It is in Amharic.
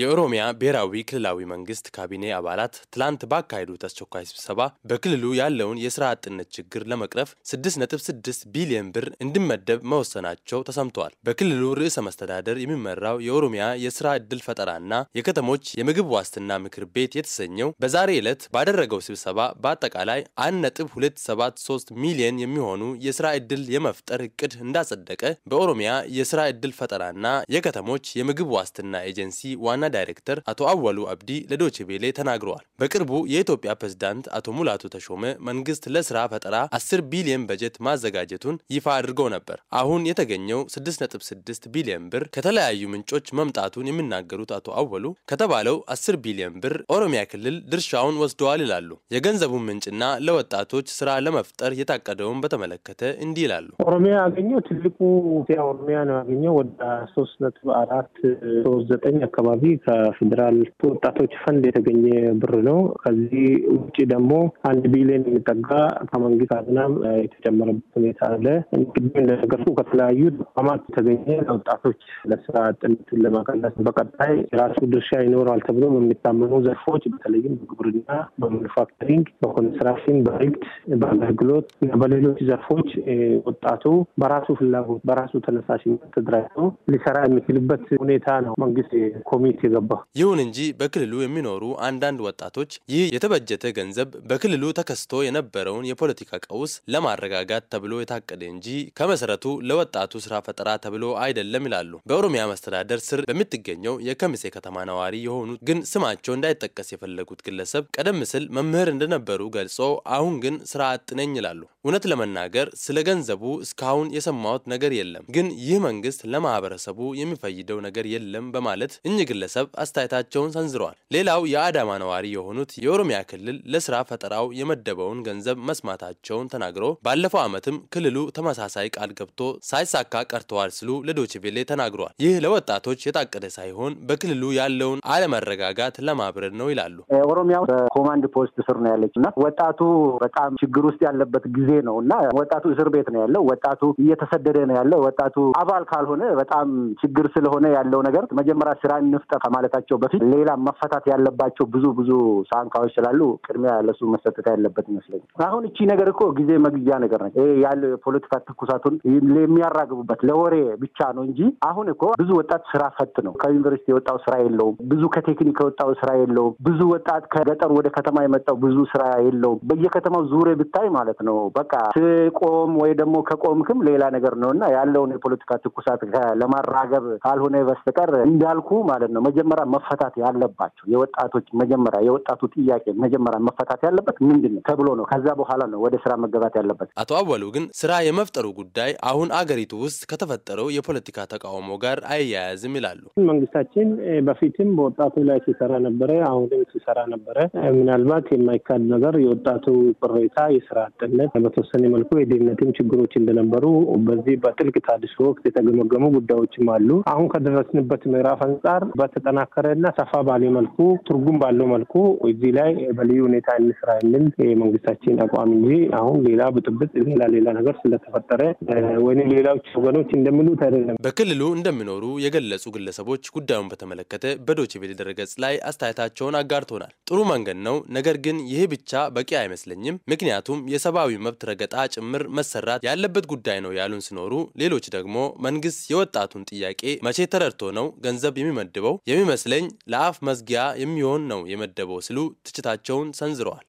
የኦሮሚያ ብሔራዊ ክልላዊ መንግስት ካቢኔ አባላት ትላንት ባካሄዱት አስቸኳይ ስብሰባ በክልሉ ያለውን የስራ አጥነት ችግር ለመቅረፍ 6.6 ቢሊዮን ብር እንዲመደብ መወሰናቸው ተሰምተዋል። በክልሉ ርዕሰ መስተዳደር የሚመራው የኦሮሚያ የስራ ዕድል ፈጠራና የከተሞች የምግብ ዋስትና ምክር ቤት የተሰኘው በዛሬ ዕለት ባደረገው ስብሰባ በአጠቃላይ 1.273 ሚሊዮን የሚሆኑ የስራ ዕድል የመፍጠር እቅድ እንዳጸደቀ በኦሮሚያ የስራ ዕድል ፈጠራና የከተሞች የምግብ ዋስትና ኤጀንሲ ዋና ዋና ዳይሬክተር አቶ አወሉ አብዲ ለዶቼ ተናግረዋል። በቅርቡ የኢትዮጵያ ፕሬዝዳንት አቶ ሙላቱ ተሾመ መንግስት ለስራ ፈጠራ 10 ቢሊዮን በጀት ማዘጋጀቱን ይፋ አድርገው ነበር። አሁን የተገኘው 6.6 ቢሊዮን ብር ከተለያዩ ምንጮች መምጣቱን የሚናገሩት አቶ አወሉ ከተባለው 10 ቢሊዮን ብር ኦሮሚያ ክልል ድርሻውን ወስደዋል ይላሉ። የገንዘቡን ምንጭና ለወጣቶች ስራ ለመፍጠር የታቀደውን በተመለከተ እንዲህ ይላሉ። ኦሮሚያ ያገኘው ትልቁ ኦሮሚያ ነው ያገኘው ወደ ሶስት ነጥብ አራት ሶስት ዘጠኝ አካባቢ ከፌዴራል ወጣቶች ፈንድ የተገኘ ብር ነው። ከዚህ ውጭ ደግሞ አንድ ቢሊዮን የሚጠጋ ከመንግስት አዝናም የተጨመረበት ሁኔታ አለ። እንግዲህ እንደነገርኩ ከተለያዩ ተቋማት የተገኘ ለወጣቶች ለስራ አጥነቱን ለመቀነስ በቀጣይ የራሱ ድርሻ ይኖራል ተብሎ የሚታመኑ ዘርፎች በተለይም በግብርና፣ በማኑፋክቸሪንግ፣ በኮንስትራክሽን፣ በንግድ፣ በአገልግሎት እና በሌሎች ዘርፎች ወጣቱ በራሱ ፍላጎት በራሱ ተነሳሽነት ተደራጅቶ ሊሰራ የሚችልበት ሁኔታ ነው መንግስት ኮሚ ቤት የገባ። ይሁን እንጂ በክልሉ የሚኖሩ አንዳንድ ወጣቶች ይህ የተበጀተ ገንዘብ በክልሉ ተከስቶ የነበረውን የፖለቲካ ቀውስ ለማረጋጋት ተብሎ የታቀደ እንጂ ከመሰረቱ ለወጣቱ ስራ ፈጠራ ተብሎ አይደለም ይላሉ። በኦሮሚያ መስተዳደር ስር በምትገኘው የከሚሴ ከተማ ነዋሪ የሆኑት ግን ስማቸው እንዳይጠቀስ የፈለጉት ግለሰብ ቀደም ሲል መምህር እንደነበሩ ገልጾ አሁን ግን ስራ አጥነኝ ይላሉ። እውነት ለመናገር ስለ ገንዘቡ እስካሁን የሰማሁት ነገር የለም፣ ግን ይህ መንግስት ለማህበረሰቡ የሚፈይደው ነገር የለም በማለት እኚህ ግለሰብ ግለሰብ አስተያየታቸውን ሰንዝረዋል። ሌላው የአዳማ ነዋሪ የሆኑት የኦሮሚያ ክልል ለስራ ፈጠራው የመደበውን ገንዘብ መስማታቸውን ተናግሮ ባለፈው ዓመትም ክልሉ ተመሳሳይ ቃል ገብቶ ሳይሳካ ቀርተዋል ሲሉ ለዶችቬሌ ተናግረዋል። ይህ ለወጣቶች የታቀደ ሳይሆን በክልሉ ያለውን አለመረጋጋት ለማብረድ ነው ይላሉ። ኦሮሚያው በኮማንድ ፖስት ስር ነው ያለች እና ወጣቱ በጣም ችግር ውስጥ ያለበት ጊዜ ነው እና ወጣቱ እስር ቤት ነው ያለው። ወጣቱ እየተሰደደ ነው ያለው። ወጣቱ አባል ካልሆነ በጣም ችግር ስለሆነ ያለው ነገር መጀመሪያ ስራ እንፍጠር ከማለታቸው በፊት ሌላ መፈታት ያለባቸው ብዙ ብዙ ሳንካዎች ስላሉ ቅድሚያ ለሱ መሰጠት ያለበት ይመስለኛል። አሁን እቺ ነገር እኮ ጊዜ መግዣ ነገር ነች። ይሄ ያለ የፖለቲካ ትኩሳቱን የሚያራግቡበት ለወሬ ብቻ ነው እንጂ አሁን እኮ ብዙ ወጣት ስራ ፈት ነው። ከዩኒቨርሲቲ የወጣው ስራ የለውም። ብዙ ከቴክኒክ የወጣው ስራ የለውም። ብዙ ወጣት ከገጠር ወደ ከተማ የመጣው ብዙ ስራ የለውም። በየከተማው ዙሬ ብታይ ማለት ነው በቃ ስቆም ወይ ደግሞ ከቆምክም ሌላ ነገር ነው እና ያለውን የፖለቲካ ትኩሳት ለማራገብ ካልሆነ በስተቀር እንዳልኩ ማለት ነው መጀመሪያ መፈታት ያለባቸው የወጣቶች መጀመሪያ የወጣቱ ጥያቄ መጀመሪያ መፈታት ያለበት ምንድን ነው ተብሎ ነው። ከዛ በኋላ ነው ወደ ስራ መገባት ያለበት። አቶ አወሉ ግን ስራ የመፍጠሩ ጉዳይ አሁን አገሪቱ ውስጥ ከተፈጠረው የፖለቲካ ተቃውሞ ጋር አያያዝም ይላሉ። መንግስታችን በፊትም በወጣቱ ላይ ሲሰራ ነበረ፣ አሁንም ሲሰራ ነበረ። ምናልባት የማይካድ ነገር የወጣቱ ቅሬታ፣ የስራ አጥነት፣ በተወሰነ መልኩ የድህነትም ችግሮች እንደነበሩ በዚህ በጥልቅ ታድሶ ወቅት የተገመገሙ ጉዳዮችም አሉ። አሁን ከደረስንበት ምዕራፍ አንጻር የተጠናከረ እና ሰፋ ባለ መልኩ ትርጉም ባለው መልኩ እዚህ ላይ በልዩ ሁኔታ እንስራ የሚል የመንግስታችን አቋም እንጂ አሁን ሌላ ብጥብጥ፣ ሌላ ሌላ ነገር ስለተፈጠረ ወይም ሌሎች ወገኖች እንደሚሉት አይደለም። በክልሉ እንደሚኖሩ የገለጹ ግለሰቦች ጉዳዩን በተመለከተ በዶችቤል ድረገጽ ላይ አስተያየታቸውን አጋርቶናል። ጥሩ መንገድ ነው፣ ነገር ግን ይህ ብቻ በቂ አይመስለኝም። ምክንያቱም የሰብአዊ መብት ረገጣ ጭምር መሰራት ያለበት ጉዳይ ነው ያሉን ሲኖሩ፣ ሌሎች ደግሞ መንግስት የወጣቱን ጥያቄ መቼ ተረድቶ ነው ገንዘብ የሚመድበው የሚመስለኝ ለአፍ መዝጊያ የሚሆን ነው የመደበው ሲሉ ትችታቸውን ሰንዝረዋል።